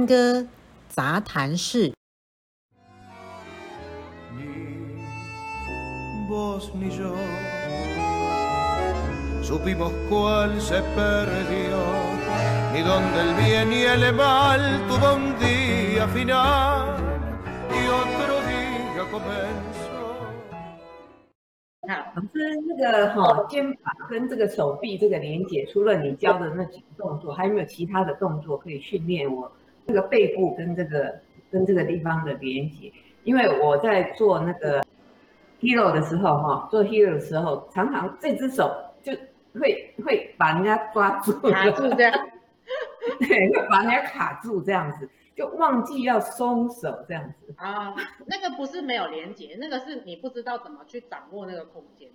探戈雜談室。啊，總之那個哈、哦、肩膀跟這個手臂這個連接，除了你教的那幾個動作，還有沒有其他的動作可以訓練我？這個背部跟這個跟這個地方的連接，因為我在做那個 hero 的時候，哈，做 hero 的時候，常常這只手就會會把人家抓住卡住這樣， 對，會把人家卡住這樣子，就忘記要鬆手這樣子啊。Uh, 那個不是沒有連接，那個是你不知道怎麼去掌握那個空間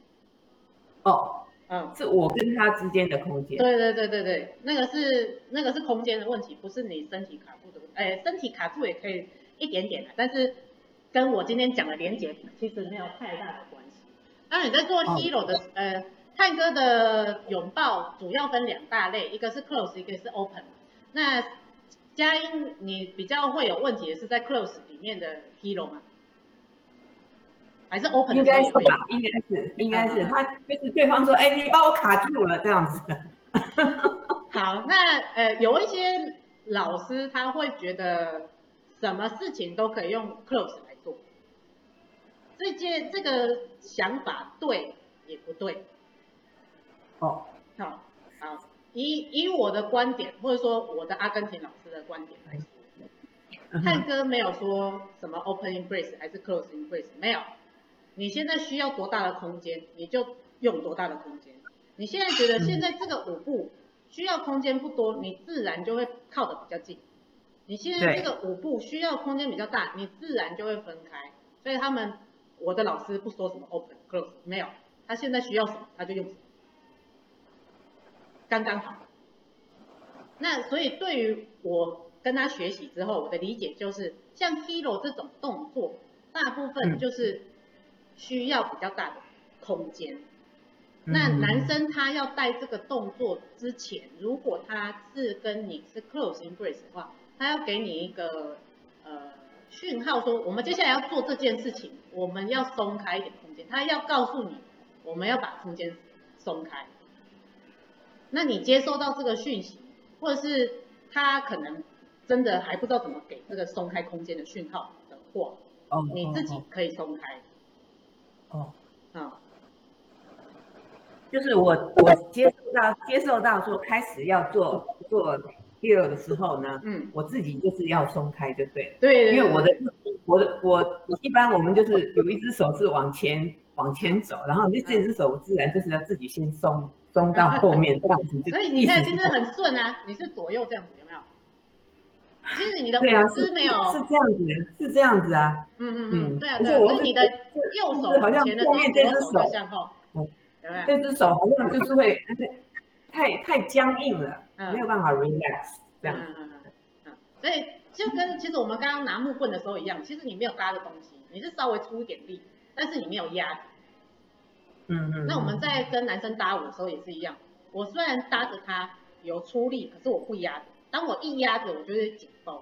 哦。Oh. 嗯，是我跟他之間的空間。對、嗯、對對對對，那個是那個是空間的問題，不是你身體卡住的問題。哎，身體卡住也可以一點點的、啊，但是跟我今天講的連接其實沒有太大的關係。當、啊、你在做 hero 的、哦、呃探戈的擁抱，主要分兩大類，一個是 close，一個是 open。那佳音，你比較會有問題的是在 close 裡面的 hero 嘛還是 open 應該是吧？應該是，應該是。他就是對方說，嗯、哎，你把我卡住了這樣子。好，那呃，有一些老師他會覺得什麼事情都可以用 close 來做，這件這個想法對也不對。好、哦，好，好。以以我的觀點，或者說我的阿根廷老師的觀點來說，探、嗯、哼戈沒有說什麼 open embrace 還是 close embrace，沒有。你現在需要多大的空間，你就用多大的空間。你現在覺得現在這個舞步需要空間不多，你自然就會靠得比較近。你現在這個舞步需要空間比較大，你自然就會分開。所以他們，我的老師不說什麼 open close，沒有，他現在需要什麼他就用什麼，剛剛好。那所以對於我跟他學習之後，我的理解就是，像 hero 這種動作，大部分就是。需要比較大的空間。那男生他要帶這個動作之前，如果他是跟你是 close embrace 的話，他要給你一個呃訊號說，我們接下來要做這件事情，我們要鬆開一點空間。他要告訴你，我們要把空間鬆開。那你接收到這個訊息，或者是他可能真的還不知道怎麼給那個鬆開空間的訊號的話，你自己可以鬆開。Oh, oh, oh. 哦，好，oh. oh. 就是我我接受到接受到說開始要做做第二的時候呢，嗯，我自己就是要鬆開就對，對不對，對？對，因為我的我的我一般我們就是有一隻手是往前往前走，然後你這隻手我自然就是要自己先鬆鬆到後面，這樣子 所以你看其實很順啊，你是左右這樣子。其實你的呼吸沒有、啊是，是這樣子的，是這樣子啊。嗯嗯嗯，對啊對啊是我、就是、你的右手，的手好像前面這只手向後，對不對，嗯、這只手好像就是會、嗯、太太僵硬了，嗯、沒有辦法 relax、嗯、這樣。嗯，嗯嗯嗯。所以就跟其實我們剛剛拿木棍的時候一樣，嗯、其實你沒有搭的東西，你是稍微出一點力，但是你沒有壓力，嗯，嗯嗯。那我們在跟男生搭舞的時候也是一樣，我雖然搭着他有出力，可是我不壓的。當我一壓着，我就會緊繃、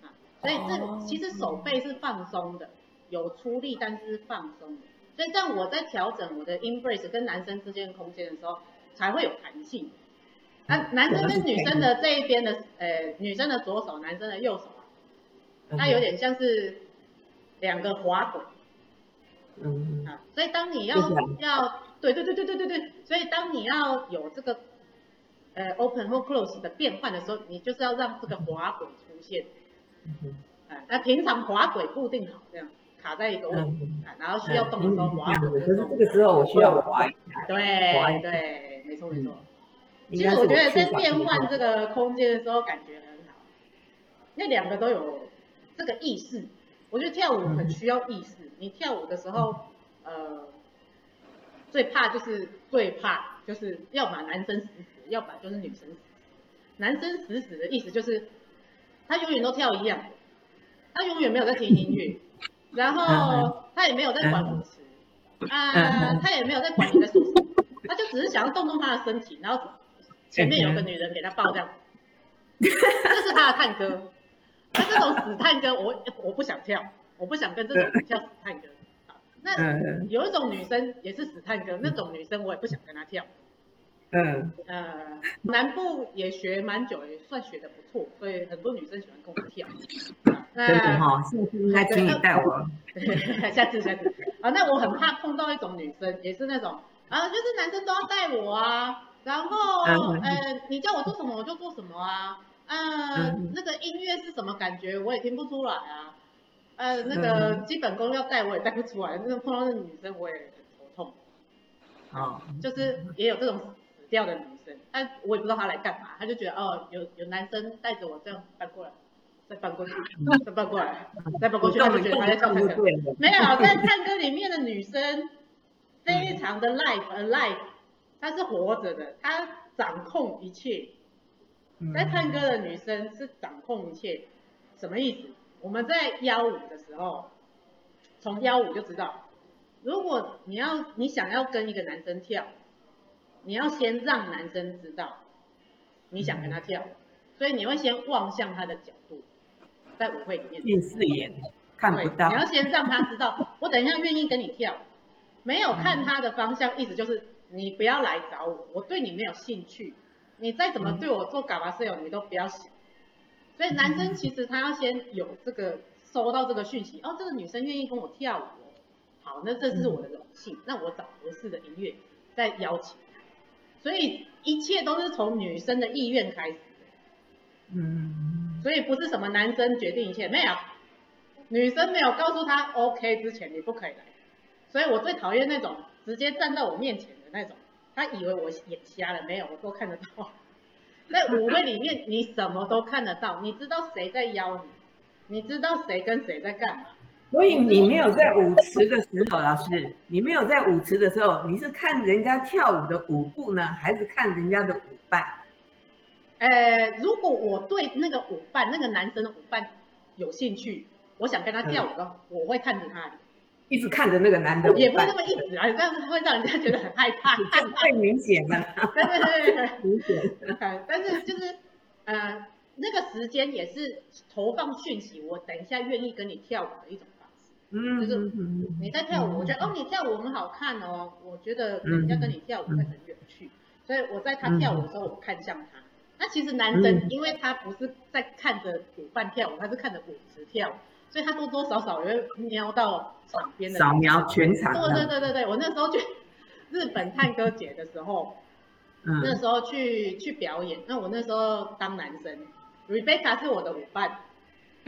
啊，所以這、oh, 其實手背是放鬆的，有出力，但是是放鬆的。所以這樣我在調整我的 embrace 跟男生之間的空間的時候，才會有彈性、啊。男生跟女生的這一邊的，呃，女生的左手，男生的右手啊，它有點像是兩個滑軌，嗯，啊，所以當你要嗎要，對對對對對對對，所以當你要有這個。呃，open 或 close 的變換的時候，你就是要讓這個滑軌出現。那、嗯啊、平常滑軌固定好這樣，卡在一個位置，嗯啊、然後需要動的時候、嗯、滑軌就，可是這個時候我需要我滑一。滑一對對，沒錯沒錯。嗯、其實我覺得在變換這個空間的時候感覺很好。那兩個都有這個意識，我覺得跳舞很需要意識。嗯、你跳舞的時候，嗯、呃，最怕就是最怕。就是要把男生死死，要把就是女生死。男生死死的意思就是，他永遠都跳一樣的，他永遠沒有在聽音樂， 然後他也沒有在管舞池，啊、 呃，他也沒有在管你的手，麼， 他就只是想要動動他的身體，然後前面有個女人給他抱掉，這是他的探戈。那這種死探戈，我我不想跳，我不想跟這種人跳死探戈。那有一種女生也是死探戈，嗯、那種女生我也不想跟她跳。嗯呃，南部也學蠻久，也算學得不錯，所以很多女生喜歡跟我跳。那哈，下次還請你帶我、嗯。下次下次 啊，那我很怕碰到一種女生，也是那種，然、啊、就是男生都要帶我啊，然後呃，你叫我做什麼我就做什麼啊，啊嗯，那個音樂是什麼感覺我也聽不出來啊。呃，那個基本功要帶我也帶不出來，嗯、那個碰到那女生我也很頭痛。啊好，就是也有這種死掉的女生，但我也不知道她來幹嘛。她就覺得哦，有有男生帶着我這樣翻過來，在再翻過去，再翻過來，再翻過去，她在唱才沒有，在探戈裡面的女生非常的 life alive，、嗯、她是活着的，她掌控一切。在探、嗯、戈的女生是掌控一切，什麼意思？我們在幺五的時候，從幺五就知道，如果你要你想要跟一個男生跳，你要先讓男生知道你想跟他跳，嗯、所以你會先望向他的角度，在舞會裡面。近視眼對看不到。你要先讓他知道， 我等一下願意跟你跳，沒有看他的方向，嗯、意思就是你不要來找我，我對你沒有興趣，你再怎麼對我做 cabeceo，嗯、你都不要想。所以男生其實他要先有這個收到這個訊息，哦，這個女生願意跟我跳舞，哦，好，那這是我的榮幸，那我找合適的音樂再邀請她。所以一切都是從女生的意願開始，嗯，所以不是什麼男生決定一切，沒有，女生沒有告訴他 OK 之前你不可以來。所以我最討厭那種直接站到我面前的那種，他以為我眼瞎了，沒有，我都看得到。那舞會裡面，你什麼都看得到，你知道誰在邀你，你知道誰跟誰在幹嘛。所以你沒有在舞池的時候， 老師，你沒有在舞池的時候，你是看人家跳舞的舞步呢，還是看人家的舞伴？呃、如果我對那個舞伴，那個男生的舞伴有興趣，我想跟他跳舞的，嗯、我會看着他。一直看着那個男的，也不會那麼一直啊，這樣會讓人家覺得很害怕，太明顯了。對對對對，明顯。但是就是，呃，那個時間也是投放訊息，我等一下願意跟你跳舞的一種方式。嗯就是嗯。你在跳舞我覺，我得，嗯、哦，你跳舞很好看哦，我覺得人家跟你跳舞會很有趣，嗯、所以我在他跳舞的時候，我看向他。嗯、那其實男的，因為他不是在看着舞伴跳舞，他是看着舞池跳舞。嗯舞所以，他多多少少也會瞄到場邊的，掃描全場。對對對對對，我那時候去日本探戈節的時候， 嗯、那時候去去表演，那我那時候當男生，Rebecca 是我的舞伴，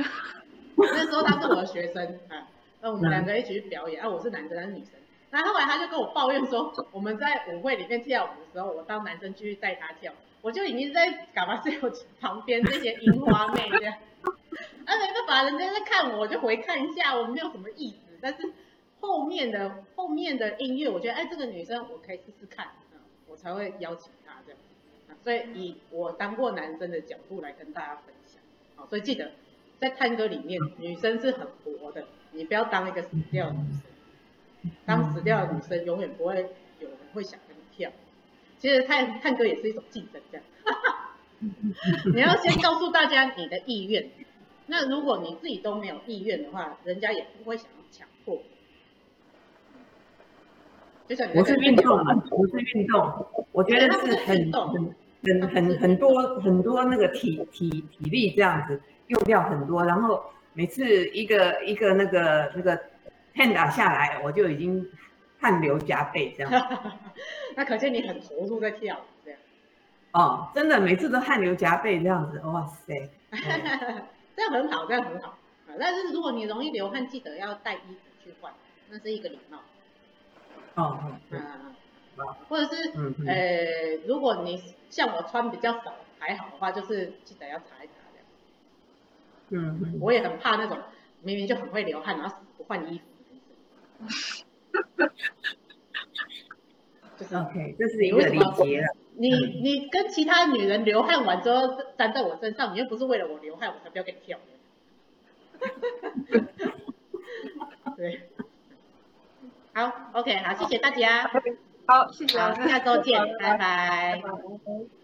那時候他是我的學生 啊，那我們兩個一起去表演，嗯、啊，我是男生，還是女生，然後後來他就跟我抱怨說，我們在舞會裡面跳舞的時候，我當男生去帶她跳。我就已經在 cabeceo 旁邊這些櫻花妹這樣，啊，沒辦法，人家在看我，我就回看一下，我沒有什麼意思。但是後面的後面的音樂，我覺得，哎，這個女生我可以試試看，我才會邀請她這樣。所以以我當過男生的角度來跟大家分享，所以記得在探戈裡面，女生是很活的，你不要當一個死掉的女生，當死掉的女生，永遠不會有人會想。其實探戈也是一種競爭，這樣。 你要先告訴大家你的意願，那如果你自己都沒有意願的話，人家也不會想要強迫。我是運動嘛，我是運動，我覺得是很是動很很很,動很多很多那個體體體力這樣子用掉很多，然後每次一個一個那個那個 hand 打下來，我就已經。汗流浹背這樣， 那可見你很投入在跳，這樣。哦，真的，每次都汗流浹背這樣子，哇塞， 這樣很好，這樣很好。啊，但是如果你容易流汗，記得要帶衣服去換，那是一個禮貌。哦嗯、啊、嗯或者是、嗯、哼呃，如果你像我穿比較少還好的話，就是記得要擦一擦。嗯嗯。我也很怕那種明明就很會流汗，然後不換衣服。 就是 OK，就是你會理解了。你、嗯、你，你跟其他女人流汗完之後粘在我身上，你又不是為了我流汗，我才不要給你跳。 對，好 OK，好，謝謝大家，好，好謝謝、啊，好，下周見，拜拜。拜拜拜拜。